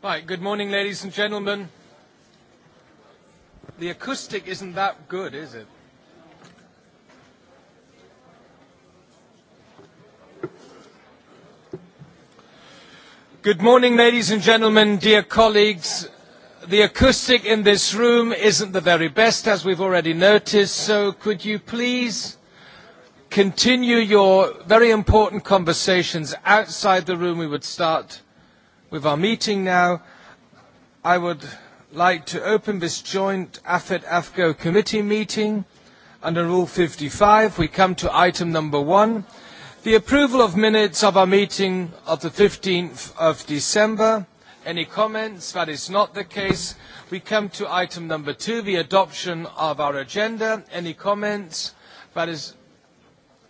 Right, good morning, ladies and gentlemen. The acoustic isn't that good, is it? Good morning, ladies and gentlemen, dear colleagues. The acoustic in this room isn't the very best, as we've already noticed, so could you please continue your very important conversations outside the room? We would start with our meeting now. I would like to open this joint AFET-AFCO committee meeting. Under Rule 55, we come to item number one, the approval of minutes of our meeting of the 15th of December. Any comments? That is not the case. We come to item number two, the adoption of our agenda. Any comments? That is,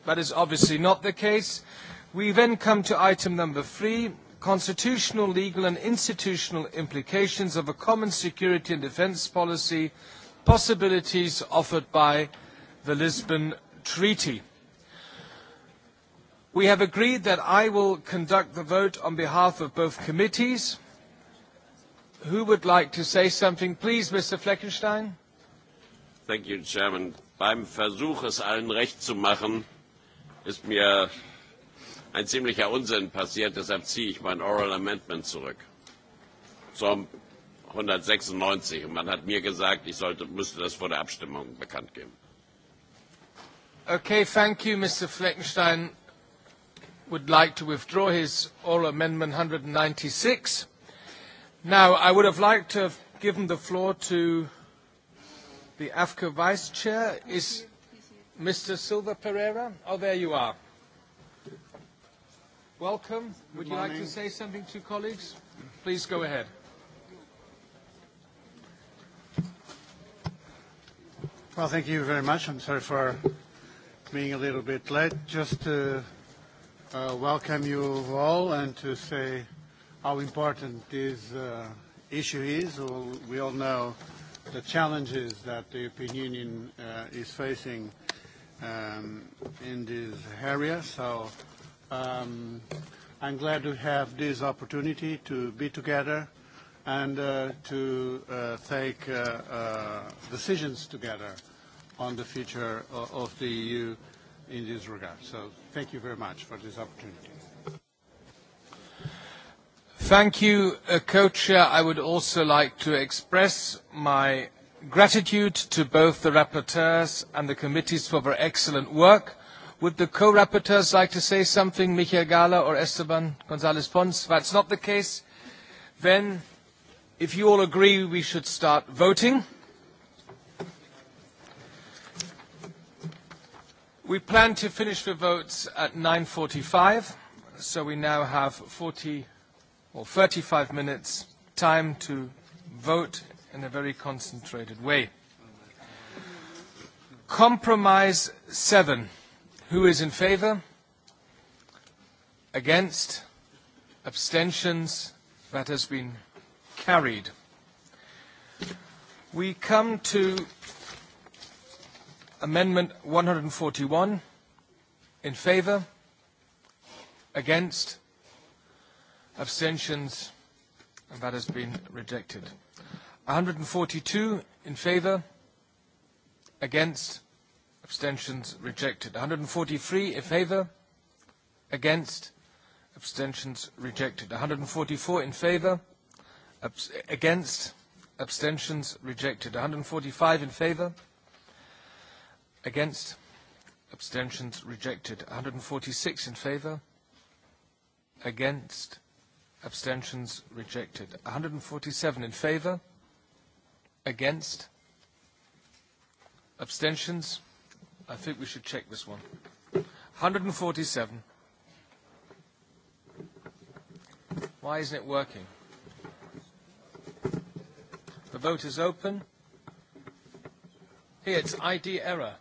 that is obviously not the case. We then come to item number three, constitutional, legal and institutional implications of a common security and defence policy, possibilities offered by the Lisbon Treaty. We have agreed that I will conduct the vote on behalf of both committees. Who would like to say something? Please, Mr. Fleckenstein. Thank you, Chairman. Beim Versuch, es allen recht zu machen, ist mir ein ziemlicher Unsinn passiert, deshalb ziehe ich mein Oral Amendment zurück zum 196. Und man hat mir gesagt, ich sollte, müsste das vor der Abstimmung bekannt geben. Okay, thank you, Mr. Fleckenstein would like to withdraw his oral amendment 196. Now, I would have liked to have given the floor to the AFCA vice chair. Is Mr. Silva Pereira? Oh, there you are. Welcome. Good Would you morning. like to say something to colleagues? Please go ahead. Well, thank you very much. I'm sorry for being a little bit late. Just to uh, welcome you all and to say how important this uh, issue is. We all know the challenges that the European Union uh, is facing um, in this area. So Um, I'm glad to have this opportunity to be together and uh, to uh, take uh, uh, decisions together on the future of, of the EU in this regard. So thank you very much for this opportunity. Thank you, uh, Co-Chair. I would also like to express my gratitude to both the rapporteurs and the committees for their excellent work. Would the co-rapporteurs like to say something, Michael Gala or Esteban González Pons? That's not the case. Then, if you all agree, we should start voting. We plan to finish the votes at 9.45, so we now have 40 or 35 minutes time to vote in a very concentrated way. Compromise 7. Who is in favour? Against? Abstentions? That has been carried. We come to Amendment 141. In favour? Against? Abstentions? And that has been rejected. 142 in favour? Against? abstentions rejected. 143 in favour, against, abstentions rejected. 144 in favour, abs against, abstentions rejected. 145 in favour, against, abstentions rejected. 146 in favour, against, abstentions rejected. 147 in favour, against, abstentions rejected. Abstentions? I think we should check this one. 147. Why isn't it working? The vote is open. Here, it's ID error.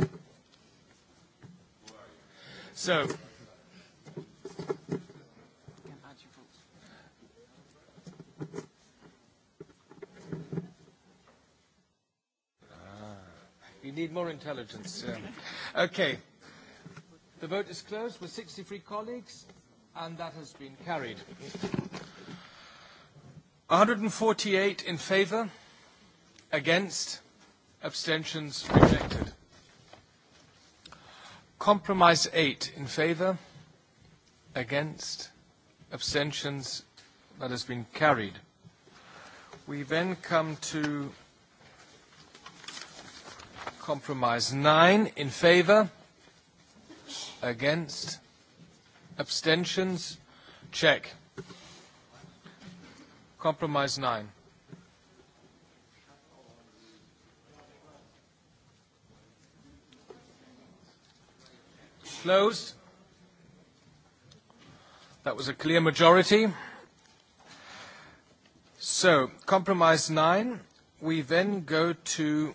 so, need more intelligence. Yeah. Okay. The vote is closed with 63 colleagues, and that has been carried. 148 in favour, against, abstentions rejected. Compromise 8 in favour, against, abstentions, that has been carried. We then come to Compromise 9 in favor, against, abstentions, check. Compromise 9. Closed. That was a clear majority. So, compromise nine. We then go to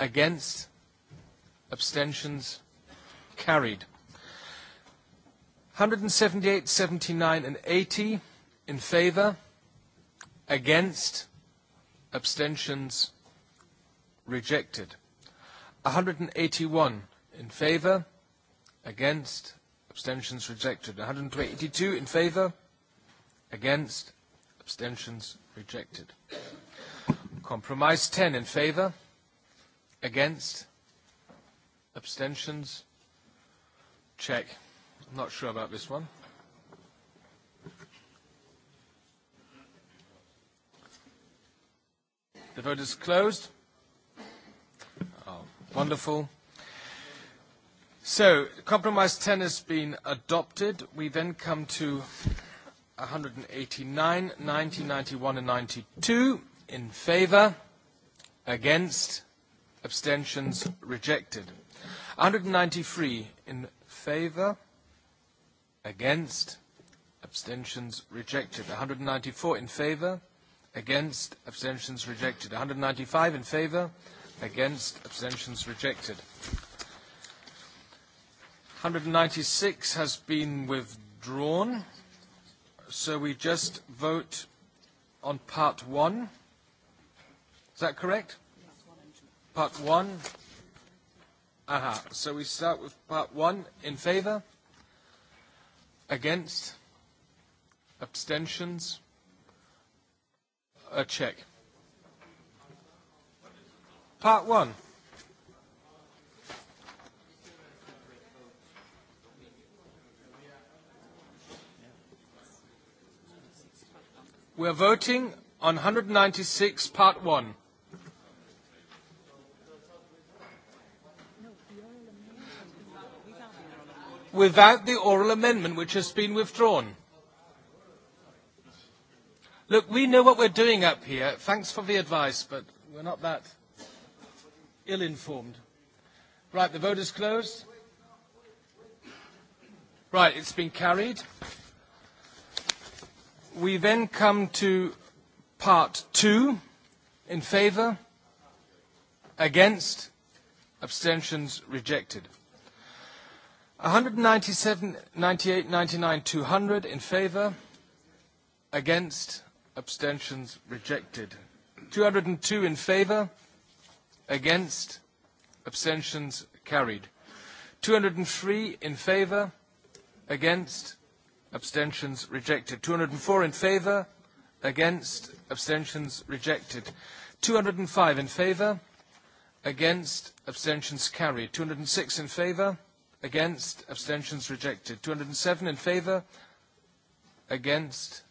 Against? Abstentions? Carried. 178, 79 and 80 in favour. Against? Abstentions? Rejected. 181 in favour. Against? Abstentions rejected. 182 in favour. Against? Abstentions rejected. Compromise 10 in favour. Against? Abstentions? Check. I'm not sure about this one. The vote is closed. Oh, wonderful. So, compromise 10 has been adopted. We then come to 189, 90, 91 and 92 in favor, against, abstentions rejected. 193 in favour, against, abstentions rejected. 194 in favour, against, abstentions rejected. 195 in favour, against, abstentions rejected. 196 has been withdrawn, so we just vote on part one. Is that correct? Part one. Aha, so we start with part one. In favour? Against? Abstentions? A check. Part one. We are voting on 196, part One. without the oral amendment which has been withdrawn. Look, we know what we're doing up here. Thanks for the advice, but we're not that ill-informed. Right, the vote is closed. Right, it's been carried. We then come to part two. In favour? Against? Abstentions rejected. 197, 98, 99, 200 in favour, against, abstentions rejected. 202 in favour, against, abstentions carried. 203 in favour, against, abstentions rejected. 204 in favour, against, abstentions rejected. 205 in favour, against, abstentions carried. 206 in favour, against, abstentions rejected. 207 in favour, against,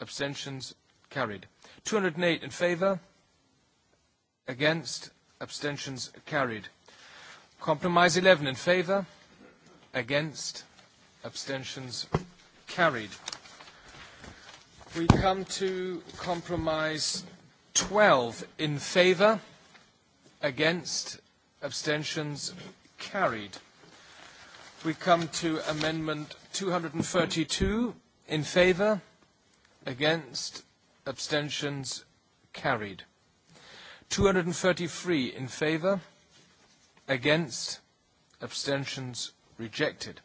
abstentions carried. 208 in favour, against, abstentions carried. Compromise 11 in favour, against, abstentions carried. We come to compromise 12 in favour, against, abstentions carried. We come to Amendment 232. In favour? Against? Abstentions? Carried. 233 in favour? Against? Abstentions? Rejected.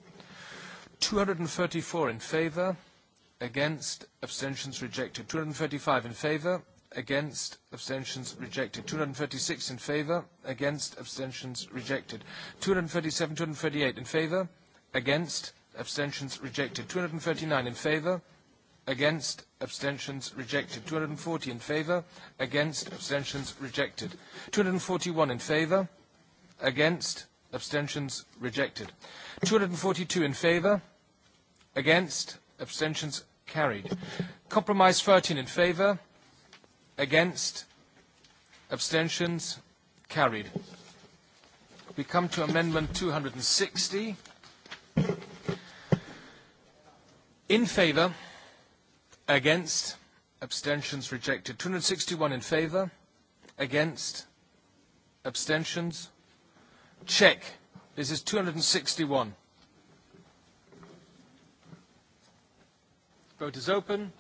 234 in favour? Against? Abstentions? Rejected. 235 in favour? against, abstentions rejected. 236 in favour, against, abstentions rejected. 237, 238 in favour, against, abstentions rejected. 239 in favour, against, abstentions rejected. 240 in favour, against, abstentions rejected. 241 in favour, against, abstentions rejected. 242 in favour, against, abstentions carried. Compromise 13 in favour, Against? Abstentions? Carried. We come to Amendment 260. In favour? Against? Abstentions rejected. 261 in favour? Against? Abstentions? Check. This is 261. Vote is open.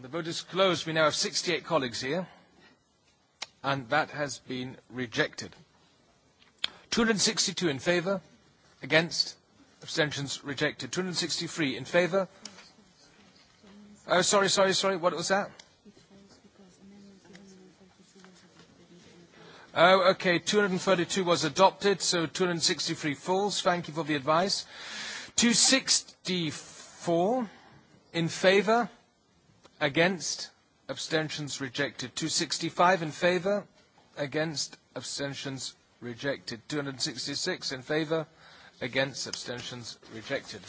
The vote is closed. We now have 68 colleagues here, and that has been rejected. 262 in favour, against, abstentions rejected. 263 in favour. Oh, sorry, sorry, sorry. What was that? Oh, okay. 232 was adopted, so 263 falls. Thank you for the advice. 264 in favour, Against? Abstentions rejected. 265 in favour. Against? Abstentions rejected. 266 in favour. Against? Abstentions rejected.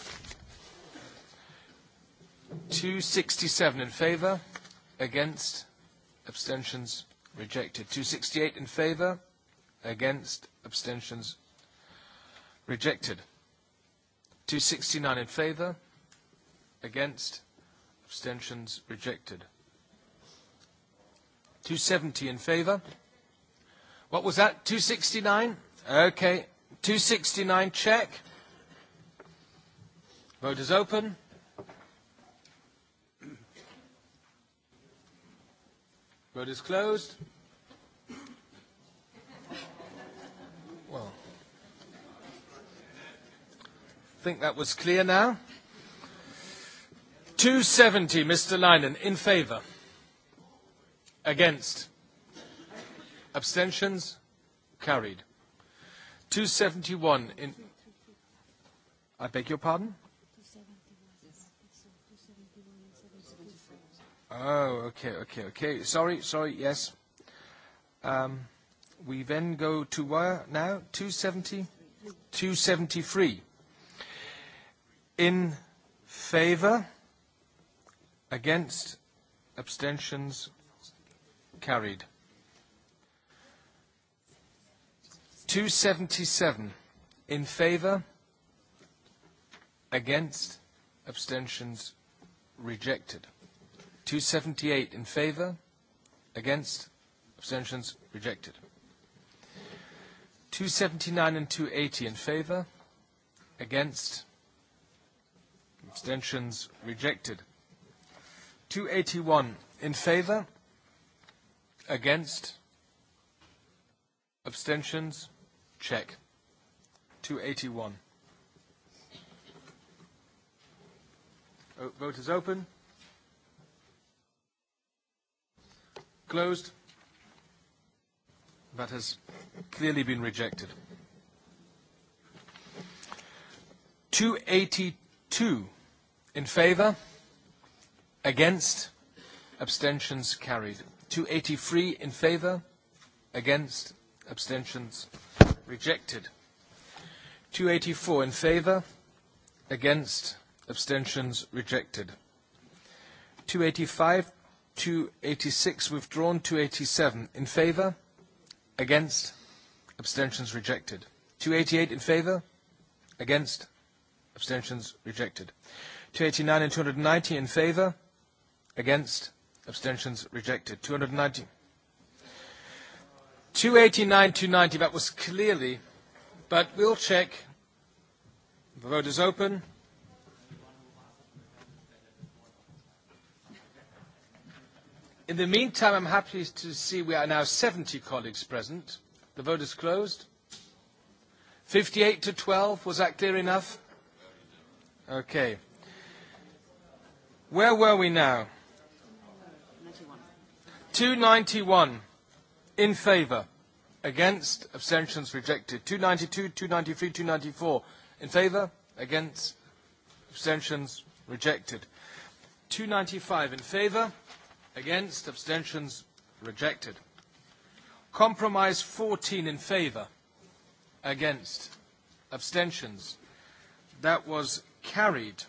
267 in favour. Against? Abstentions rejected. 268 in favour. Against? Abstentions rejected. 269 in favour. Against? abstentions rejected. 270 in favour. What was that? 269? Okay. 269 check. Vote is open. Vote is closed. Well, I think that was clear now. 270, Mr. Leinen, in favor? Against. Abstentions? Carried. 271 in... I beg your pardon? Oh, okay, okay, okay. Sorry, sorry, yes. Um, we then go to where uh, now? 270? 273. In favor? Against? Abstentions? Carried. 277 in favour, against, abstentions rejected. 278 in favour, against, abstentions rejected. 279 and 280 in favour, against, abstentions rejected. 281 in favor against, abstentions, check. 281. O vote is open. Closed. That has clearly been rejected. 282 in favor Against? Abstentions carried. 283 in favour? Against? Abstentions rejected. 284 in favour? Against? Abstentions rejected. 285, 286 withdrawn, 287 in favour? Against? Abstentions rejected. 288 in favour? Against? Abstentions rejected. 289 and 290 in favour? Against? Abstentions rejected. 290. 289, 290, that was clearly, but we'll check. The vote is open. In the meantime, I'm happy to see we are now 70 colleagues present. The vote is closed. 58 to 12, was that clear enough? Okay. Where were we now? 291 in favour. Against. Abstentions rejected. 292, 293, 294 in favour. Against. Abstentions rejected. 295 in favour. Against. Abstentions rejected. Compromise 14 in favour. Against. Abstentions. That was carried.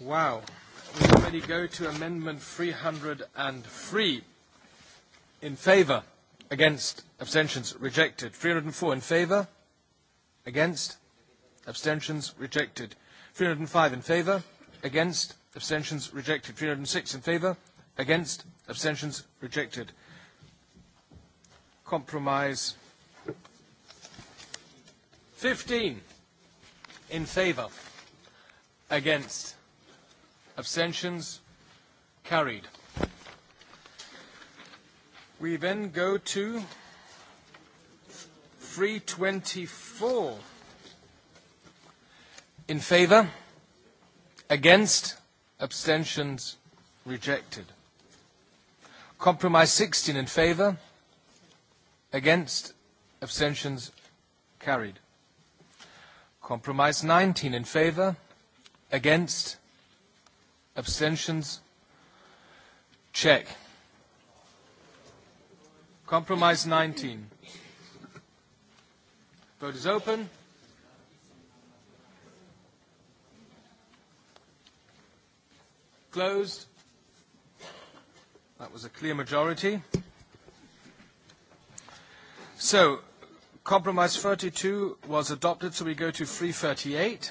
Wow we already go to Amendment 303. In favour, against, abstentions, rejected. 304 in favour, against, abstentions, rejected. 305 in favour, against, abstentions, rejected. 306 in favour, against, abstentions, rejected. Compromise 15 in favour, against, Abstentions? Carried. We then go to 324. In favour? Against? Abstentions? Rejected. Compromise 16 in favour? Against? Abstentions? Carried. Compromise 19 in favour? Against? Abstentions? Check. Compromise 19. Vote is open. Closed. That was a clear majority. So, compromise 32 was adopted, so we go to 338.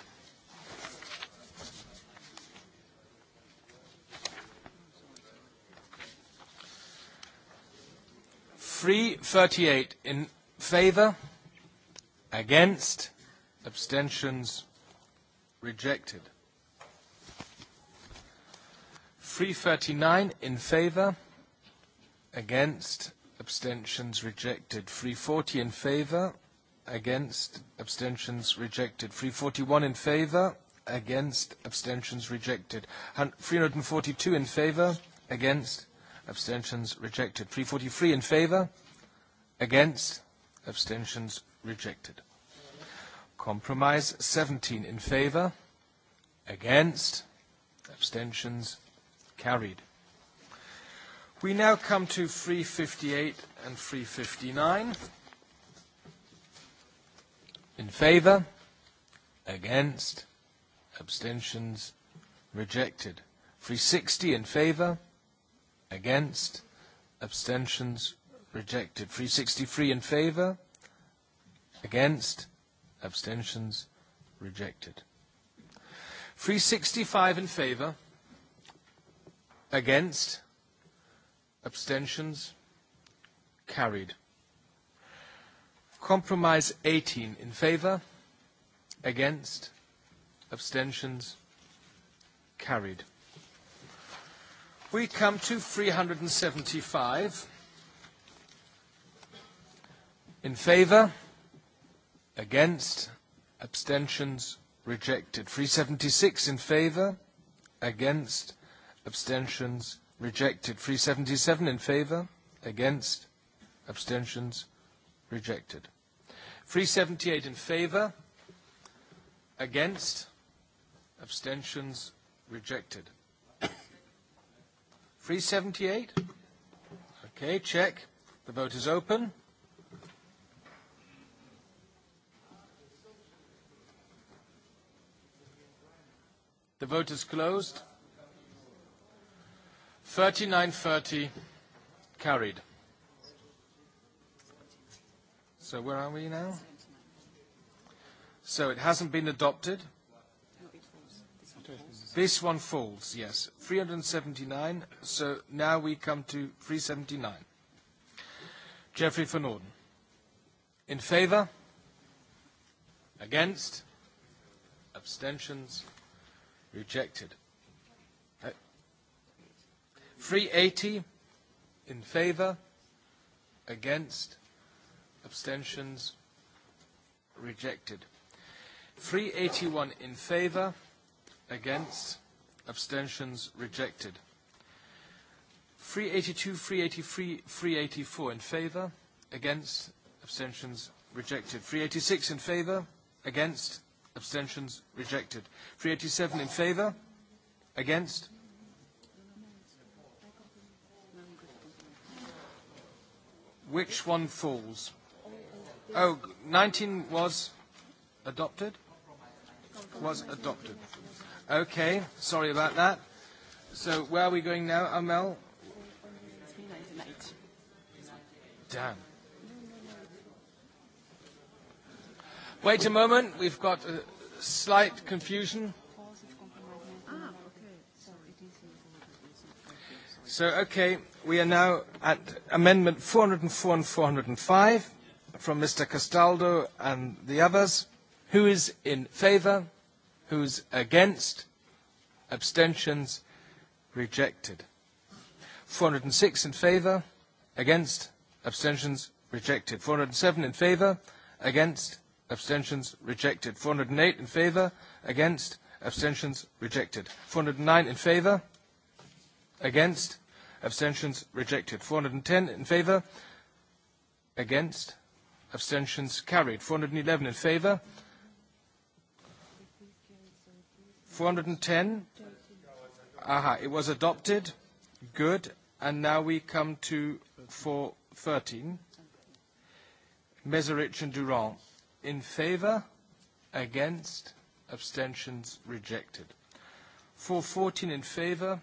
338 in favour, against, abstentions rejected. 339 in favour, against, abstentions rejected. 340 in favour, against, abstentions rejected. 341 in favour, against, abstentions rejected. 342 in favour, against, abstentions, rejected abstentions rejected. 343 in favour, against, abstentions rejected. Compromise 17 in favour, against, abstentions carried. We now come to 358 and 359. In favour, against, abstentions rejected. 360 in favour, Against? Abstentions? Rejected. 363 in favour? Against? Abstentions? Rejected. 365 in favour? Against? Abstentions? Carried. Compromise 18 in favour? Against? Abstentions? Carried. We come to 375. In favour? Against? Abstentions? Rejected. 376 in favour? Against? Abstentions? Rejected. 377 in favour? Against? Abstentions? Rejected. 378 in favour? Against? Abstentions? Rejected. 378? Okay, check. The vote is open. The vote is closed. 3930 carried. So where are we now? So it hasn't been adopted. This one falls, yes. 379, so now we come to 379. Jeffrey Van Orden. In favour? Against? Abstentions? Rejected. 380 uh, in favour, against, abstentions, rejected. 381 in favour, Against? Abstentions? Rejected. 382, 383, 384 in favour. Against? Abstentions? Rejected. 386 in favour. Against? Abstentions? Rejected. 387 in favour. Against? Which one falls? Oh, 19 was adopted? Was adopted. Okay, sorry about that. So where are we going now, Amel? Damn. Wait a moment, we've got a slight confusion. So, okay, we are now at Amendment 404 and 405 from Mr. Castaldo and the others. Who is in favour? Who's against? Abstentions? Rejected. 406 in favour. Against? Abstentions? Rejected. 407 in favour. Against? Abstentions? Rejected. 408 in favour. Against? Abstentions? Rejected. 409 in favour. Against? Abstentions? Rejected. 410 in favour. Against? Abstentions? Carried. 411 in favour. 410? Aha, it was adopted. Good. And now we come to 413. Meserich and Durand. In favor? Against? Abstentions rejected. 414 in favor?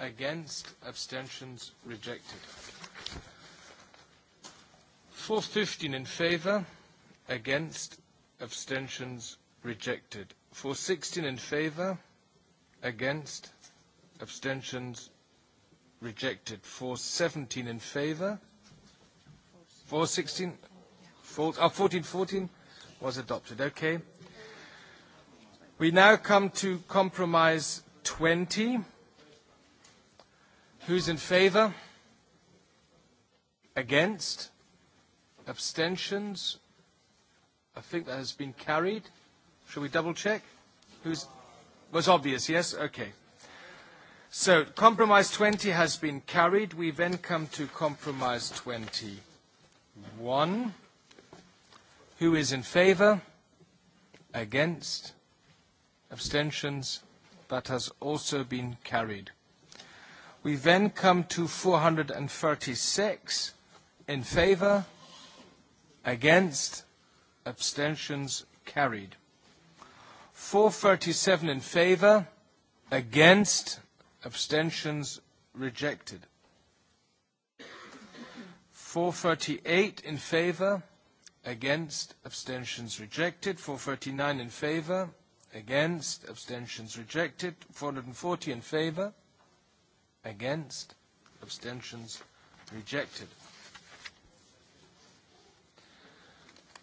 Against? Abstentions rejected. 415 in favor? Against? Abstentions rejected. For 16 in favour, against, abstentions, rejected. For 17 in favour, 416, 1414 14 was adopted. Okay. We now come to compromise 20. Who's in favour? Against? Abstentions? I think that has been carried. Shall we double check? Who's, was obvious, yes? Okay. So compromise twenty has been carried. We then come to compromise twenty one. Who is in favour? Against? Abstentions? That has also been carried. We then come to 436. In favor? Against? Abstentions? Carried. 437 in favour, against, abstentions rejected. 438 in favour, against, abstentions rejected. 439 in favour, against, abstentions rejected. 440 in favour, against, abstentions rejected.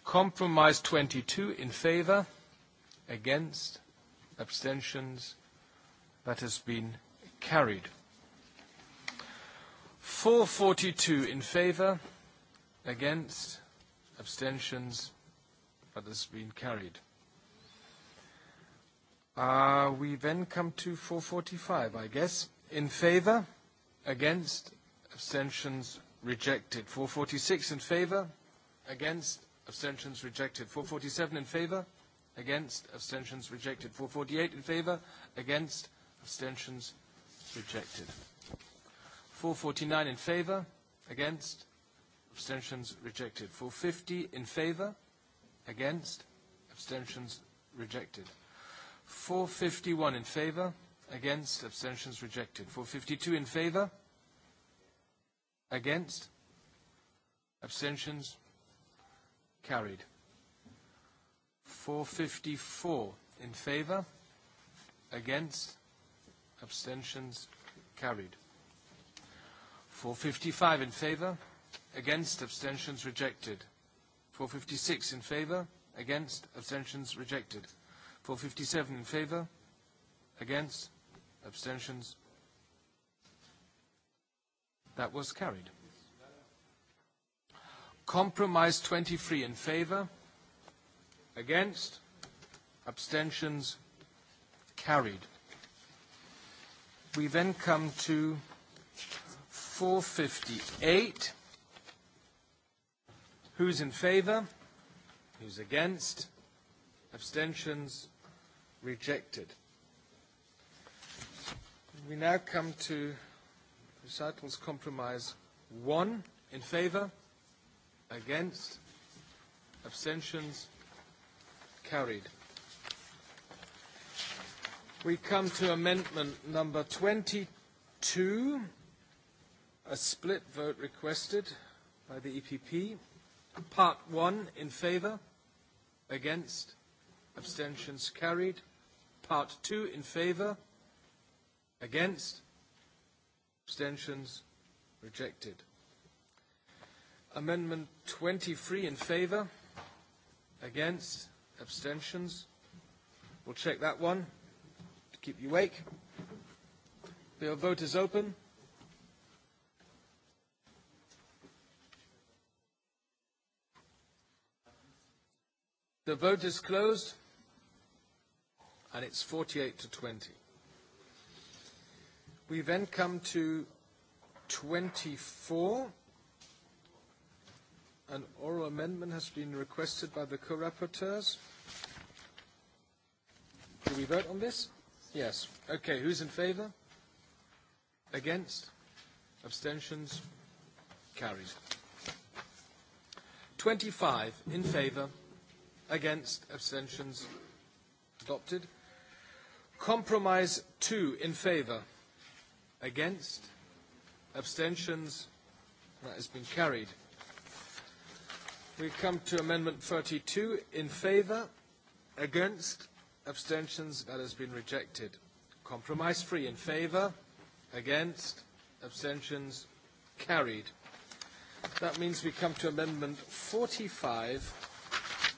Compromise 22 in favour, Against? Abstentions? That has been carried. 442 in favour. Against? Abstentions? That has been carried. Uh, we then come to 445, I guess. In favour? Against? Abstentions? Rejected. 446 in favour? Against? Abstentions? Rejected. 447 in favour? against, abstentions rejected. 448 in favour, against, abstentions rejected. 449 in favour, against, abstentions rejected. 450 in favour, against, abstentions rejected. 451 in favour, against, abstentions rejected. 452 in favour, against, abstentions carried. 454 in favour, against, abstentions carried. 455 in favour, against, abstentions rejected. 456 in favour, against, abstentions rejected. 457 in favour, against, abstentions. That was carried. Compromise 23 in favour, Against? Abstentions? Carried. We then come to 458. Who's in favour? Who's against? Abstentions? Rejected. We now come to recitals compromise one in favour, against, abstentions, Carried. We come to amendment number 22, a split vote requested by the EPP. Part 1 in favour, against, abstentions carried. Part 2 in favour, against, abstentions rejected. Amendment 23 in favour, against, Abstentions? We'll check that one to keep you awake. The vote is open. The vote is closed and it's 48 to 20. We then come to 24. An oral amendment has been requested by the co-rapporteurs. Do we vote on this? Yes. Okay, who's in favor? Against? Abstentions? Carried. 25 in favor. Against? Abstentions? Adopted. Compromise 2 in favor. Against? Abstentions? That has been carried. We come to Amendment 32. In favour? Against? Abstentions? That has been rejected. Compromise free. In favour? Against? Abstentions? Carried. That means we come to Amendment 45.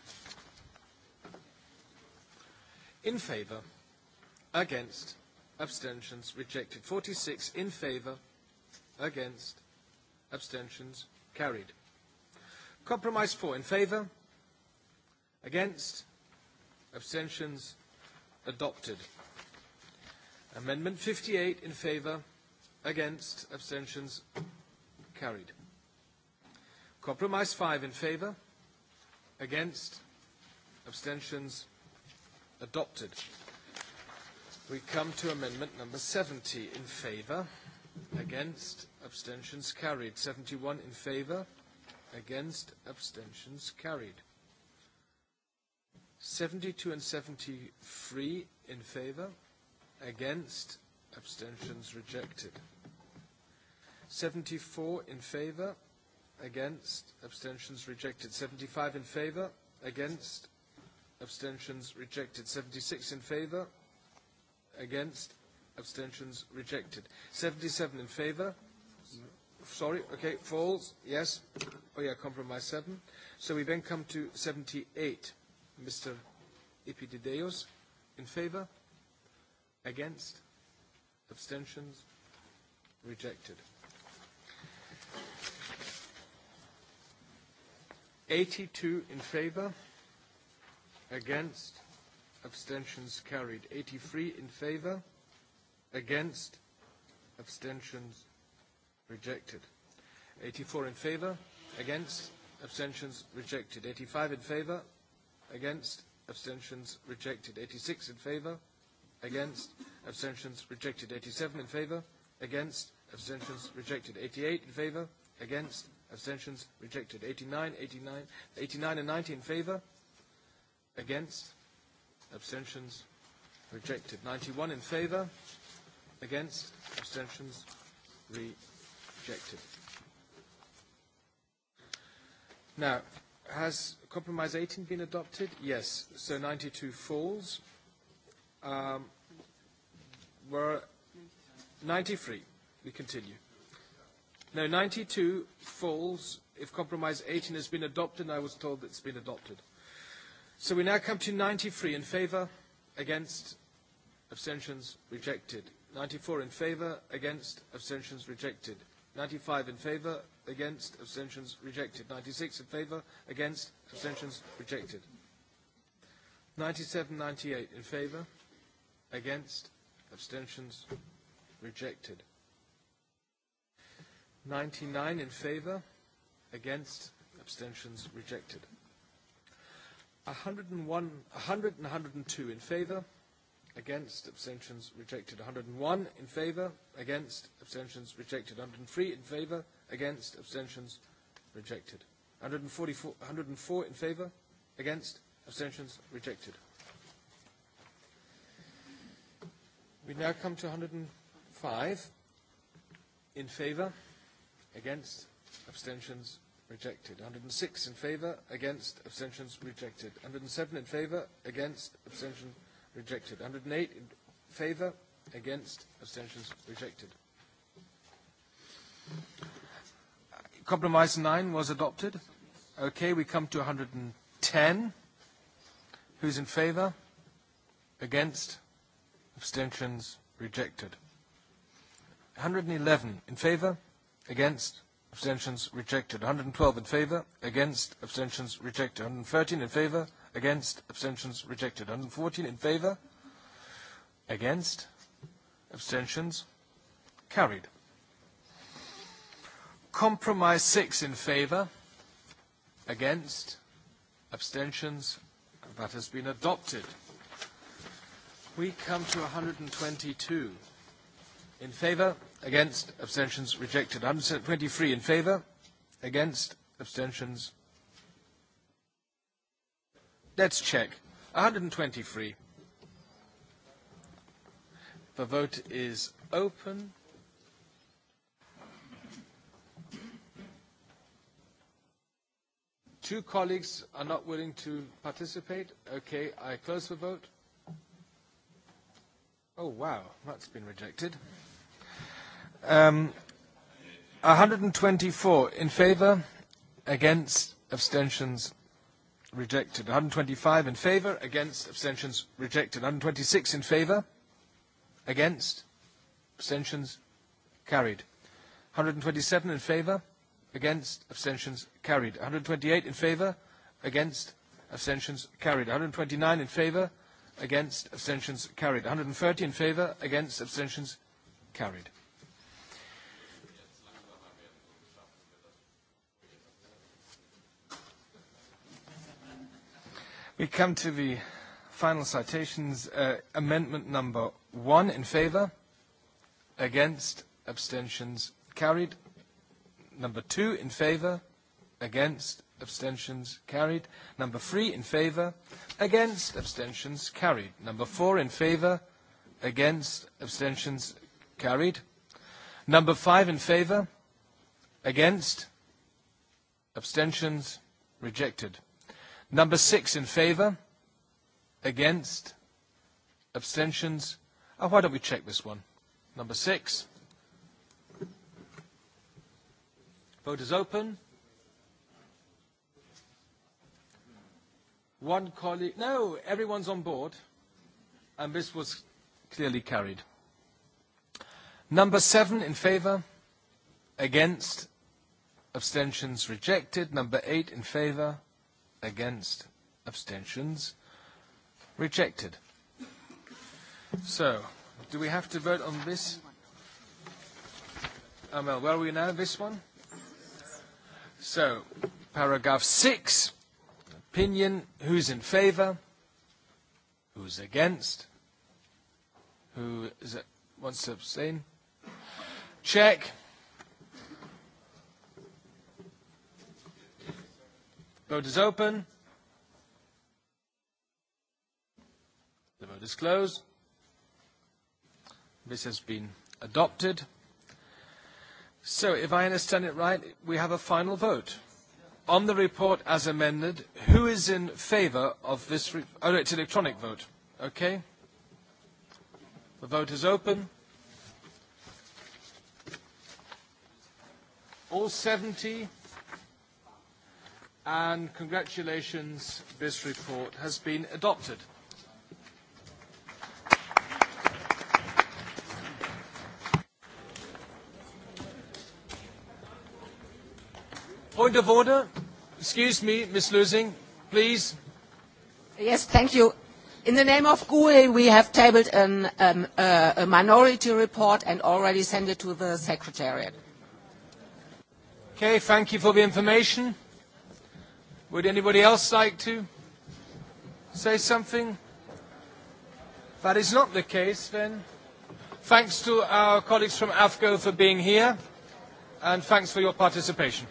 In favour? Against? Abstentions? Rejected. 46. In favour? Against? Abstentions? Carried. Compromise four in favour, against, abstentions, adopted. Amendment 58 in favour, against, abstentions, carried. Compromise 5 in favour, against, abstentions, adopted. We come to amendment number 70 in favour, against, abstentions carried. 71 in favour, Against. Abstentions carried. 72 and 73 in favor Against. Abstentions rejected. 74 in favor Against. Abstentions rejected. 75 in favor Against. Abstentions rejected. 76 in favor Against. Abstentions rejected. 77 in favour sorry, okay, falls, yes. Oh yeah, compromise seven. So we then come to 78. Mr. Epidideos, in favor? Against? Abstentions? Rejected. 82 in favor? Against? Abstentions carried. 83 in favor? Against? Abstentions rejected. 84 in favour, against, abstentions rejected. 85 in favour, against, abstentions rejected. 86 in favour, against, abstentions rejected. 87 in favour, against, abstentions rejected. 88 in favour, against, abstentions rejected. 89, 89, 89 and 90 in favour, against, abstentions rejected. 91 in favour, against, abstentions rejected objective. Now, has compromise 18 been adopted? Yes. So 92 falls. Um, we're 93. We continue. No, 92 falls if compromise 18 has been adopted. And I was told that it's been adopted. So we now come to 93 in favour, against, abstentions, rejected. 94 in favour, against, abstentions, rejected. 95 in favour, against, abstentions rejected. 96 in favour, against, abstentions rejected. 97, 98 in favour, against, abstentions rejected. 99 in favour, against, abstentions rejected. 101, 100 and 102 in favour, against, abstentions rejected 101 in favour, against, abstentions rejected 103 in favour, against, abstentions rejected 144, 104 in favour, against, abstentions rejected. We now come to 105 in favour, against, abstentions rejected. 106 in favour, against, abstentions rejected. 107 in favour, against, abstentions rejected rejected. 108 in favour, against, abstentions rejected. Compromise 9 was adopted. Okay, we come to 110. Who's in favour? Against? Abstentions rejected. 111 in favour? Against? Abstentions rejected. 112 in favour? Against? Abstentions rejected. 113 in favour? Against? Abstentions? Rejected. 114 in favour? Against? Abstentions? Carried. Compromise 6 in favour? Against? Abstentions? That has been adopted. We come to 122. In favour? Against? Abstentions? Rejected. 123 in favour? Against? Abstentions? Let's check. 123. The vote is open. Two colleagues are not willing to participate. Okay, I close the vote. Oh, wow, that's been rejected. Um, 124 in favor, against, abstentions, rejected. 125 in favour, against, abstentions rejected. 126 in favour, against, abstentions carried. 127 in favour, against, abstentions carried. 128 in favour, against, abstentions carried. 129 in favour, against, abstentions carried. 130 in favour, against, abstentions carried. We come to the final citations. Uh, amendment number one in favour, against, abstentions carried. Number two in favour, against, abstentions carried. Number three in favour, against, abstentions carried. Number four in favour, against, abstentions carried. Number five in favour, against, abstentions rejected. Number six in favour, against, abstentions. Oh, why don't we check this one? Number six. Vote is open. One colleague, no, everyone's on board, and this was clearly carried. Number seven in favour, against, abstentions rejected. Number eight in favour, against, abstentions, rejected. So, do we have to vote on this? Oh, well, where are we now, this one? So, paragraph 6, opinion, who's in favour, who's against, who is it, wants to abstain. Check. Vote is open. The vote is closed. This has been adopted. So, if I understand it right, we have a final vote. On the report as amended, who is in favour of this? Re oh, no, it's electronic vote. Okay. The vote is open. All 70 and congratulations, this report has been adopted. Point of order. Excuse me, Ms. Lusing, please. Yes, thank you. In the name of GUE, we have tabled an, um, uh, a minority report and already sent it to the Secretariat. Okay, thank you for the information. Would anybody else like to say something? If that is not the case, then thanks to our colleagues from AFCO for being here, and thanks for your participation.